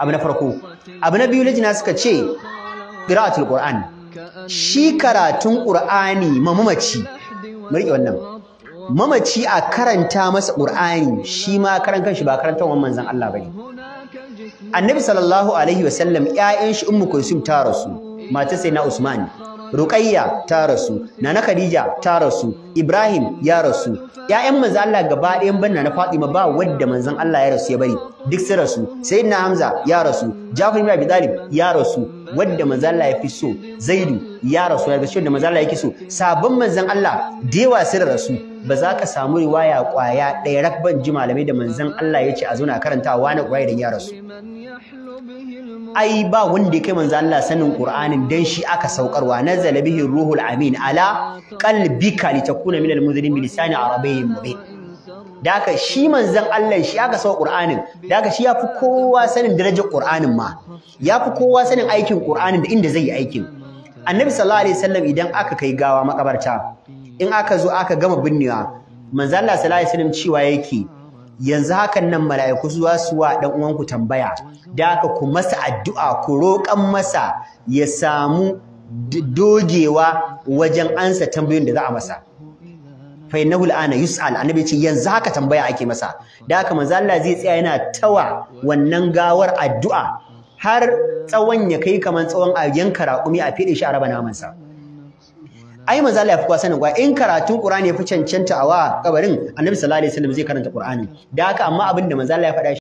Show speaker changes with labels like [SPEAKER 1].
[SPEAKER 1] abu na farko abu na biyu lajina suka ce qira'atul qur'an shi karatun qur'ani mamaci mu wannan mamaci a karanta masa qur'ani shi ma karan kanshi ba karanta wannan manzon Allah bane annabi sallallahu alaihi wasallam ƴaƴan shi ummu kulsum ta rasu matar usman Ruqayya ta rasu, Nana Khadija ta rasu, Ibrahim ya rasu. yayan manzo Allah gaba ɗayan banna na Fatima ba wadda manzon Allah ya rasu ya bari, duk su rasu. Sayyidina Hamza ya rasu, Jafar ibn Abi Talib ya rasu wanda manzo ya fi so Zaidu ya rasu ya shi wanda manzo ya yake so sabon Manzan Allah da yawa da rasu ba za ka samu riwaya kwaya ɗaya rakban ji malamai da Manzan Allah ya ce a zauna karantawa na kwaya idan ya rasu ai ba wanda ya kai manzo Allah sanin Qur'anin dan shi aka saukarwa nazala bihi ruhul amin ala qalbika litakuna minal munzirin bi lisani arabiyyin mubin da shi manzon Allah shi aka sau Qur'anin da shi yafi kowa sanin darajar Qur'anin ma yafi kowa sanin aikin Qur'anin da inda zai yi aikin Annabi sallallahu alaihi wasallam idan aka kai gawa makabarta in aka zo aka gama binnewa manzon Allah sallallahu alaihi wasallam cewa yake yanzu hakan nan mala'iku zuwa su wa dan uwanku tambaya da ku masa addu'a ku roƙan masa ya samu dogewa wajen ansa tambayoyin da za a masa fa al'ana yus'al annabi ce yanzu haka tambaya ake masa da haka manzo Allah zai tsaya yana tawa wannan gawar addu'a har tsawon ya kai kaman tsawon a yanka raƙumi a fide shi a raba naman sa ai manzo Allah ya fi kwa sanin kwa in karatun Qur'ani ya fi cancanta a wa kabarin annabi sallallahu alaihi wasallam zai karanta Qur'ani da haka amma abin da manzo Allah ya faɗa